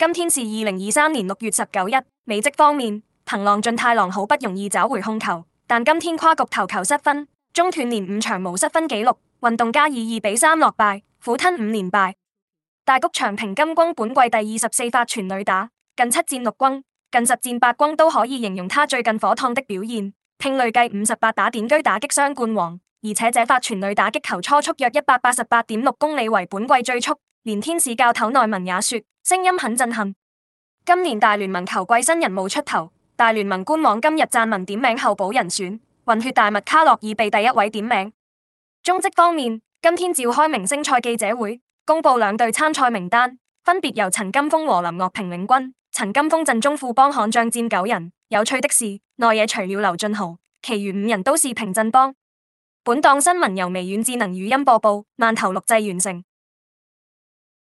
今天是二零二三年六月十九日。美職方面，藤浪俊太郎好不容易找回控球，但今天跨局投球失分，中斷連五場無失分紀錄。運動家以二比三落敗，苦吞五連敗。大谷翔平今轟本季第二十四發全壘打，近七戰六轟，近十戰八轟都可以形容他最近火燙的表現。並累計五十八打點居打擊雙冠王，而且這發全壘打擊球初速約一百八十八點六公里為本季最速。連天使教頭內文也說。聲音很震撼。今年大聯盟球季新人冒出頭，大聯盟官網今日撰文點名候補人選，混血大物卡洛爾被第一位點名。中職方面，今天召開明星賽記者會，公布兩隊參賽名單，分別由陳金峰和林岳平領軍。陳金峰陣中富邦悍將占九人。有趣的是，內野除了劉俊豪，其餘五人都是平鎮幫。本檔新聞由微軟智能語音播報，饅頭錄製完成。